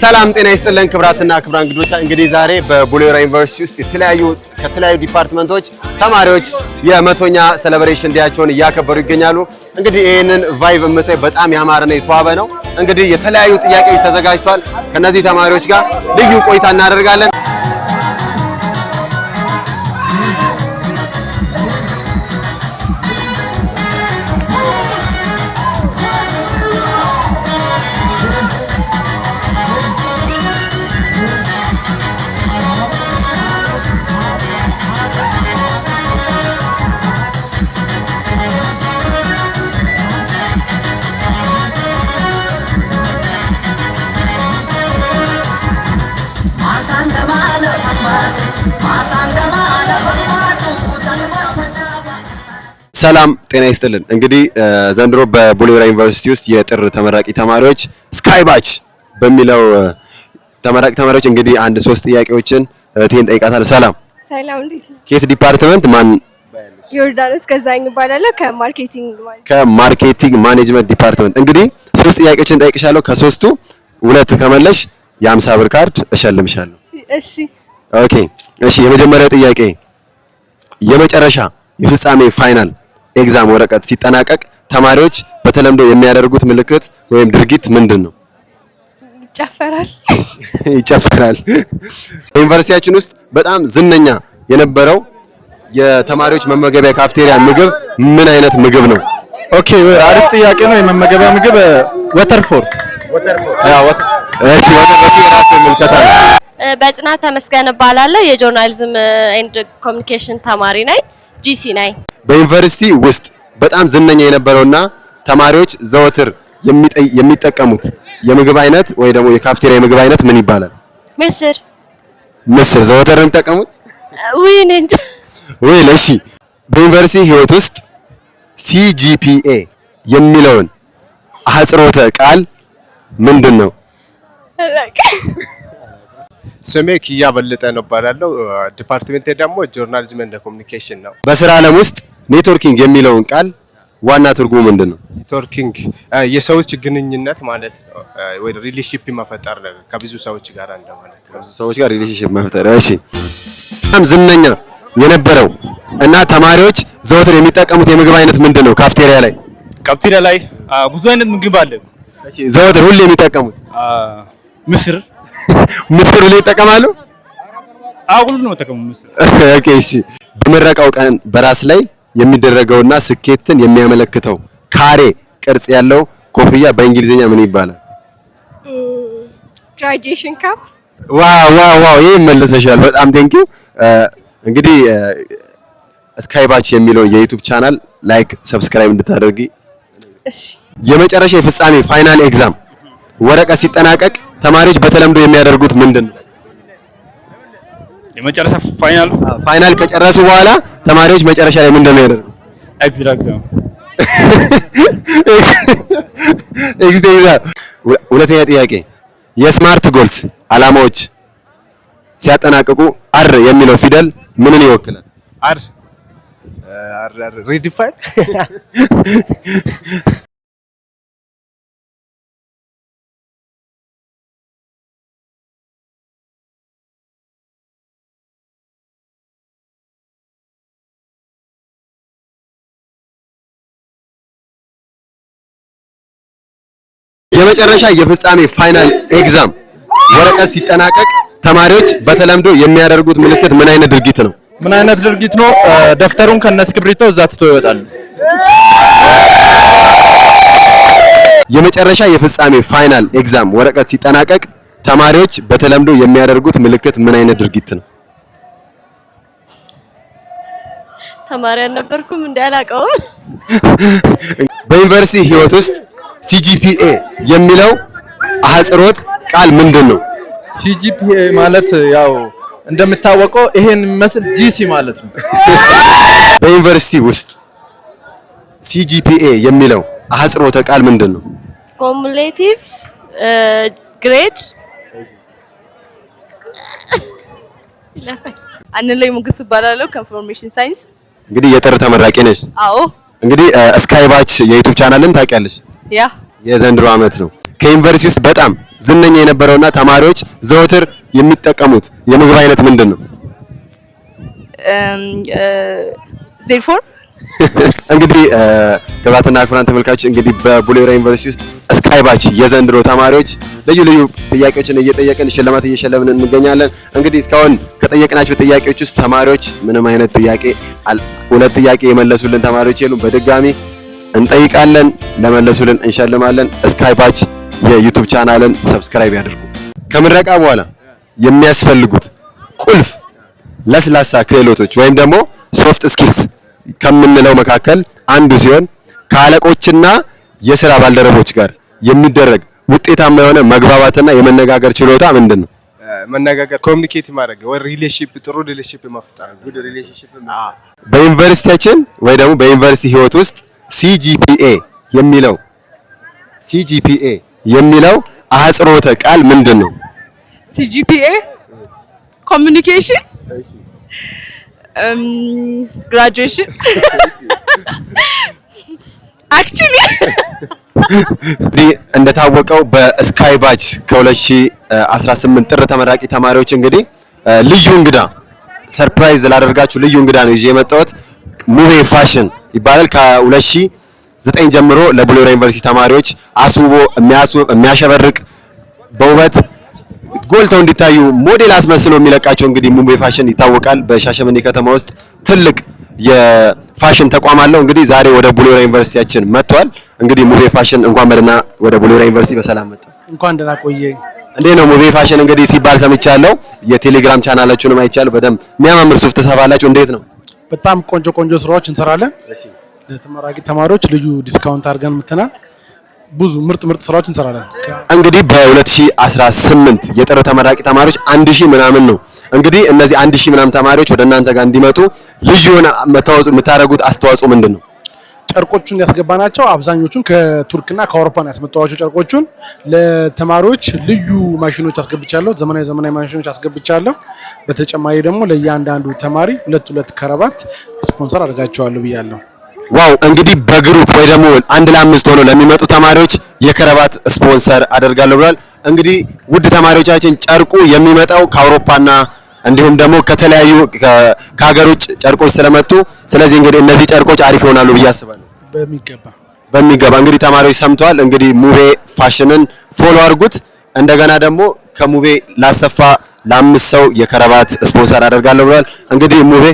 ሰላም ጤና ይስጥልን ክብራትና ክብራን እንግዶች፣ እንግዲህ ዛሬ በቡሌራ ዩኒቨርሲቲ ውስጥ የተለያዩ ከተለያዩ ዲፓርትመንቶች ተማሪዎች የመቶኛ ሴሌብሬሽን ዲያቸውን እያከበሩ ይገኛሉ። እንግዲህ ይህንን ቫይቭ የምታይ በጣም ያማረና የተዋበ ነው። እንግዲህ የተለያዩ ጥያቄዎች ተዘጋጅቷል። ከነዚህ ተማሪዎች ጋር ልዩ ቆይታ እናደርጋለን። ሰላም ጤና ይስጥልን። እንግዲህ ዘንድሮ በቡሌራ ዩኒቨርሲቲ ውስጥ የጥር ተመራቂ ተማሪዎች ስካይ ባች በሚለው ተመራቂ ተማሪዎች እንግዲህ አንድ ሶስት ጥያቄዎችን እህቴን ጠይቃታለሁ። ሰላም ሰላም፣ እንዴት ነው? ከየት ዲፓርትመንት ማን? ዮርዳኖስ ከዛኝ እባላለሁ። ከማርኬቲንግ ከማርኬቲንግ ማኔጅመንት ዲፓርትመንት። እንግዲህ ሶስት ጥያቄዎችን ጠይቅሻለሁ። ከሶስቱ ሁለት ከመለሽ የአምሳ ብር ካርድ እሸልምሻለሁ። እሺ፣ ኦኬ፣ እሺ። የመጀመሪያው ጥያቄ የመጨረሻ የፍጻሜ ፋይናል ኤግዛም ወረቀት ሲጠናቀቅ ተማሪዎች በተለምዶ የሚያደርጉት ምልክት ወይም ድርጊት ምንድን ነው? ይጨፈራል። ይጨፈራል። ዩኒቨርሲቲያችን ውስጥ በጣም ዝነኛ የነበረው የተማሪዎች መመገቢያ ካፍቴሪያ ምግብ ምን አይነት ምግብ ነው? ኦኬ አሪፍ ጥያቄ ነው። የመመገቢያ ምግብ ወተርፎር። እሺ በጽናት ተመስገን እባላለሁ። የጆርናሊዝም ኤንድ ኮሚኒኬሽን ተማሪ ነኝ። ጂሲ ነኝ። በዩኒቨርሲቲ ውስጥ በጣም ዝነኛ የነበረውና ተማሪዎች ዘወትር የሚጠቀሙት የምግብ አይነት ወይ ደግሞ የካፍቴሪያ የምግብ አይነት ምን ይባላል? ምስር። ምስር ዘወትር የምጠቀሙት? ወይኔ እንጂ ወይ ለሺ። በዩኒቨርሲቲ ህይወት ውስጥ ሲጂፒኤ የሚለውን አህጽሮተ ቃል ምንድን ነው? ስሜ ክያ በለጠ ነው እባላለሁ። ዲፓርትሜንቴ ደግሞ ጆርናሊዝም ኤንድ ኮሚኒኬሽን ነው። በስራ ዓለም ውስጥ ኔትወርኪንግ የሚለውን ቃል ዋና ትርጉሙ ምንድን ነው? ኔትወርኪንግ የሰዎች ግንኙነት ማለት ነው፣ ወይ ሪሌሽንሺፕ መፈጠር ከብዙ ሰዎች ጋር እንደማለት ነው። ብዙ ሰዎች ጋር ሪሌሽንሺፕ መፈጠር። እሺ፣ በጣም ዝነኛ የነበረው እና ተማሪዎች ዘወትር የሚጠቀሙት የምግብ አይነት ምንድን ነው? ካፍቴሪያ ላይ ካፍቴሪያ ላይ ብዙ አይነት ምግብ አለ። እሺ፣ ዘወትር ሁሌ የሚጠቀሙት ምስር ምስር ላይ ይጠቀማሉ? አጉል ነው ተቀሙ ምስር። ኦኬ እሺ። በምረቃው ቀን በራስ ላይ የሚደረገውና ስኬትን የሚያመለክተው ካሬ ቅርጽ ያለው ኮፍያ በእንግሊዝኛ ምን ይባላል? ግራጁዌሽን ካፕ። ዋው ዋው ዋው! ይሄ መልሰሻል። በጣም ቴንኪው። እንግዲህ ስካይባች የሚለው የዩቲዩብ ቻናል ላይክ፣ ሰብስክራይብ እንድታደርጊ። እሺ። የመጨረሻ የፍጻሜ ፋይናል ኤግዛም ወረቀት ሲጠናቀቅ ተማሪዎች በተለምዶ የሚያደርጉት ምንድን ነው? የመጨረሻ ፋይናል ፋይናል ከጨረሱ በኋላ ተማሪዎች መጨረሻ ላይ ምንድን ነው ያደርጉት? ኤግዚት ኤግዛም ኤግዚት ኤግዛም። ሁለተኛ ጥያቄ የስማርት ጎልስ አላማዎች ሲያጠናቅቁ አር የሚለው ፊደል ምንን ይወክላል? አር አር ሪዲፋይን በመጨረሻ የፍጻሜ ፋይናል ኤግዛም ወረቀት ሲጠናቀቅ ተማሪዎች በተለምዶ የሚያደርጉት ምልክት ምን አይነት ድርጊት ነው? ምን አይነት ድርጊት ነው? ደፍተሩን ከነስክብሪቶ እዛ ትቶ ይወጣል። የመጨረሻ የፍጻሜ ፋይናል ኤግዛም ወረቀት ሲጠናቀቅ ተማሪዎች በተለምዶ የሚያደርጉት ምልክት ምን አይነት ድርጊት ነው? ተማሪ አልነበርኩም እንዳላቀውም በዩኒቨርሲቲ ህይወት ውስጥ ሲጂፒኤ የሚለው አህጽሮት ቃል ምንድን ነው? ሲጂፒኤ ማለት ያው እንደሚታወቀው ይሄን የሚመስል ጂሲ ማለት ነው። በዩኒቨርሲቲ ውስጥ ሲጂፒኤ የሚለው አህጽሮተ ቃል ምንድን ነው? ኮሙሌቲቭ ግሬድ አንለይ ሙግስ እባላለሁ ከኢንፎርሜሽን ሳይንስ። እንግዲህ የጥር ተመራቂ ነች። አዎ። እንግዲህ ስካይባች ባች የዩቲዩብ ቻናልን ታውቂያለሽ? ያ የዘንድሮ ዓመት ነው። ከዩኒቨርሲቲ ውስጥ በጣም ዝነኛ የነበረውና ተማሪዎች ዘወትር የሚጠቀሙት የምግብ አይነት ምንድን ነው? ዜርፎር እንግዲህ ክብራትና ክቡራን ተመልካቾች እንግዲህ በቡሌራ ዩኒቨርሲቲ ውስጥ እስካይባች የዘንድሮ ተማሪዎች ልዩ ልዩ ጥያቄዎችን እየጠየቅን ሽልማት እየሸለምን እንገኛለን። እንግዲህ እስካሁን ከጠየቅናቸው ጥያቄዎች ውስጥ ተማሪዎች ምንም አይነት ጥያቄ ሁለት ጥያቄ የመለሱልን ተማሪዎች የሉም። በድጋሚ እንጠይቃለን። ለመለሱልን እንሸልማለን። ስካይ ባች የዩቲዩብ ቻናልን ሰብስክራይብ ያድርጉ። ከምረቃ በኋላ የሚያስፈልጉት ቁልፍ ለስላሳ ክህሎቶች ወይም ደግሞ ሶፍት ስኪልስ ከምንለው መካከል አንዱ ሲሆን ከአለቆችና የስራ ባልደረቦች ጋር የሚደረግ ውጤታማ የሆነ መግባባትና የመነጋገር ችሎታ ምንድን ነው? መነጋገር ኮሚኒኬት ማድረግ ወይ ሪሌሽንሺፕ ጥሩ ሪሌሽንሺፕ መፍጠር። በዩኒቨርሲቲያችን ወይ ደግሞ በዩኒቨርሲቲ ህይወት ውስጥ ሲጂፒኤ የሚለው ሲጂፒኤ የሚለው አህጽሮተ ቃል ምንድን ነው? ሲጂፒኤ ኮሚኒኬሽን፣ ግራጁዌሽን አክቹሊ እንደታወቀው በስካይ ባች ከ2018 ጥር ተመራቂ ተማሪዎች እንግዲህ ልዩ እንግዳ ሰርፕራይዝ ላደርጋችሁ ልዩ እንግዳ ነው ይዤ የመጣሁት ሙቤ ፋሽን ይባላል። ከሁለት ሺህ ዘጠኝ ጀምሮ ለቡሌሮ ዩኒቨርሲቲ ተማሪዎች አስውቦ የሚያስውብ የሚያሸበርቅ በውበት ጎልተው እንዲታዩ ሞዴል አስመስሎ የሚለቃቸው እንግዲህ ሙምቤ ፋሽን ይታወቃል። በሻሸመኔ ከተማ ውስጥ ትልቅ የፋሽን ተቋም አለው። እንግዲህ ዛሬ ወደ ቡሌሮ ዩኒቨርሲቲያችን መጥቷል። እንግዲህ ሙቤ ፋሽን እንኳን መድና ወደ ቡሌሮ ዩኒቨርሲቲ በሰላም መጣ። እንኳን ደህና ቆየ። እንዴ ነው ሙቤ ፋሽን እንግዲህ ሲባል ሰምቻለሁ። የቴሌግራም ቻናላችሁንም አይቻለሁ። በደንብ የሚያማምር ሱፍ ትሰፋላችሁ። እንዴት ነው? በጣም ቆንጆ ቆንጆ ስራዎች እንሰራለን። ለተመራቂ ተማሪዎች ልዩ ዲስካውንት አድርገን ምትናል። ብዙ ምርጥ ምርጥ ስራዎች እንሰራለን። እንግዲህ በ2018 የጥር ተመራቂ ተማሪዎች አንድ ሺህ ምናምን ነው። እንግዲህ እነዚህ አንድ ሺህ ምናምን ተማሪዎች ወደ እናንተ ጋር እንዲመጡ ልዩ የሆነ የምታደርጉት አስተዋጽኦ ምንድን ነው? ጨርቆቹን ያስገባናቸው አብዛኞቹን ከቱርክና ከአውሮፓን ያስመጣኋቸው ጨርቆቹን ለተማሪዎች ልዩ ማሽኖች አስገብቻለሁ። ዘመናዊ ዘመናዊ ማሽኖች አስገብቻለሁ። በተጨማሪ ደግሞ ለእያንዳንዱ ተማሪ ሁለት ሁለት ከረባት ስፖንሰር አድርጋቸዋለሁ ብያለሁ። ዋው እንግዲህ በግሩፕ ወይ ደግሞ አንድ ለአምስት ሆኖ ለሚመጡ ተማሪዎች የከረባት ስፖንሰር አደርጋለሁ ብሏል። እንግዲህ ውድ ተማሪዎቻችን ጨርቁ የሚመጣው ከአውሮፓና እንዲሁም ደግሞ ከተለያዩ ከሀገር ውጭ ጨርቆች ስለመጡ ስለዚህ እንግዲህ እነዚህ ጨርቆች አሪፍ ይሆናሉ ብዬ አስባለሁ። በሚገባ በሚገባ እንግዲህ ተማሪዎች ሰምተዋል። እንግዲህ ሙቤ ፋሽንን ፎሎ አድርጉት። እንደገና ደግሞ ከሙቤ ላሰፋ ለአምስት ሰው የከረባት ስፖንሰር አደርጋለሁ ብሏል። እንግዲህ ሙቤ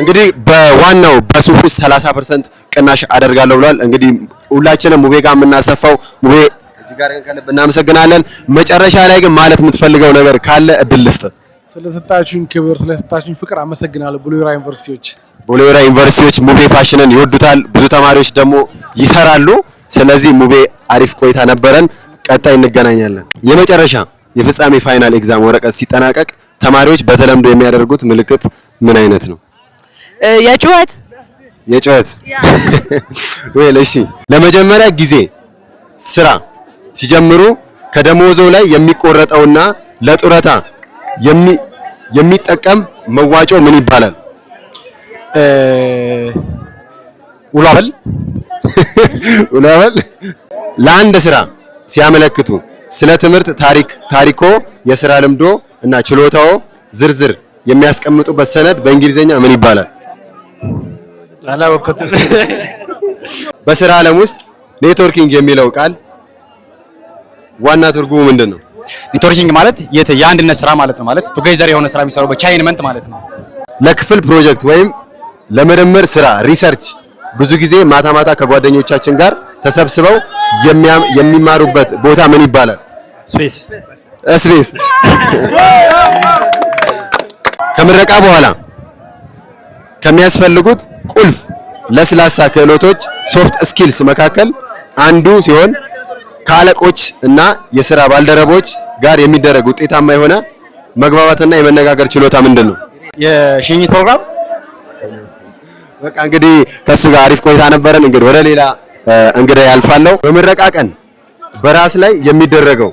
እንግዲህ በዋናው በሱፍ ውስጥ 30% ቅናሽ አደርጋለሁ ብሏል። እንግዲህ ሁላችንም ሙቤ ጋር የምናሰፋው ሙቤ እጅ ጋር ከልብ እናመሰግናለን። መጨረሻ ላይ ግን ማለት የምትፈልገው ነገር ካለ እድል ልስጥ ስለሰጣችሁኝ ክብር ስለሰጣችሁኝ ፍቅር አመሰግናለሁ። ቡሌ ዩኒቨርሲቲዎች ቡሌ ዩኒቨርሲቲዎች ሙቤ ፋሽንን ይወዱታል። ብዙ ተማሪዎች ደግሞ ይሰራሉ። ስለዚህ ሙቤ አሪፍ ቆይታ ነበረን። ቀጣይ እንገናኛለን። የመጨረሻ የፍጻሜ ፋይናል ኤግዛም ወረቀት ሲጠናቀቅ ተማሪዎች በተለምዶ የሚያደርጉት ምልክት ምን አይነት ነው? የጩኸት የጩኸት ወይ እሺ፣ ለመጀመሪያ ጊዜ ስራ ሲጀምሩ ከደሞዞ ላይ የሚቆረጠውና ለጡረታ የሚጠቀም መዋጮ ምን ይባላል? ውላበል ውላበል። ለአንድ ስራ ሲያመለክቱ ስለ ትምህርት ታሪክ፣ ታሪኮ፣ የስራ ልምዶ እና ችሎታዎ ዝርዝር የሚያስቀምጡበት ሰነድ በእንግሊዝኛ ምን ይባላል? አላወቅሁትም። በስራ ዓለም ውስጥ ኔትወርኪንግ የሚለው ቃል ዋና ትርጉሙ ምንድን ነው? ኔትወርኪንግ ማለት የአንድነት ስራ ማለት ነው። ማለት ቱጌዘር የሆነ ስራ የሚሰሩ በቻይንመንት ማለት ነው። ለክፍል ፕሮጀክት ወይም ለምርምር ስራ ሪሰርች ብዙ ጊዜ ማታ ማታ ከጓደኞቻችን ጋር ተሰብስበው የሚማሩበት ቦታ ምን ይባላል? ስፔስ ስፔስ። ከምረቃ በኋላ ከሚያስፈልጉት ቁልፍ ለስላሳ ክህሎቶች ሶፍት ስኪልስ መካከል አንዱ ሲሆን ከአለቆች እና የስራ ባልደረቦች ጋር የሚደረግ ውጤታማ የሆነ መግባባትና የመነጋገር ችሎታ ምንድን ነው? የሽኝት ፕሮግራም በቃ እንግዲህ ከእሱ ጋር አሪፍ ቆይታ ነበረን። እንግዲህ ወደ ሌላ እንግዳ ያልፋለሁ። በምረቃ ቀን በራስ ላይ የሚደረገው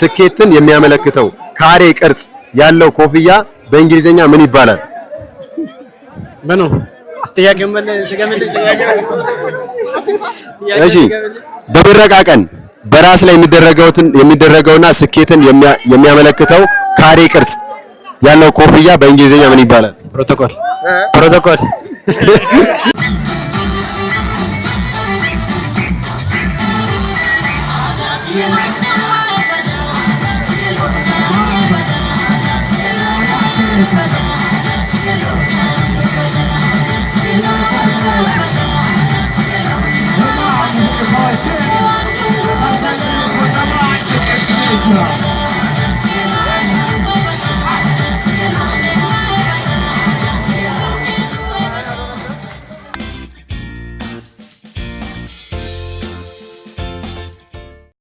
ስኬትን የሚያመለክተው ካሬ ቅርጽ ያለው ኮፍያ በእንግሊዝኛ ምን ይባላል? ምኑ እሺ፣ በምረቃ ቀን በራስ ላይ የሚደረገውና ስኬትን የሚያመለክተው ካሬ ቅርጽ ያለው ኮፍያ በእንግሊዝኛ ምን ይባላል? ፕሮቶኮል ፕሮቶኮል። Isaac.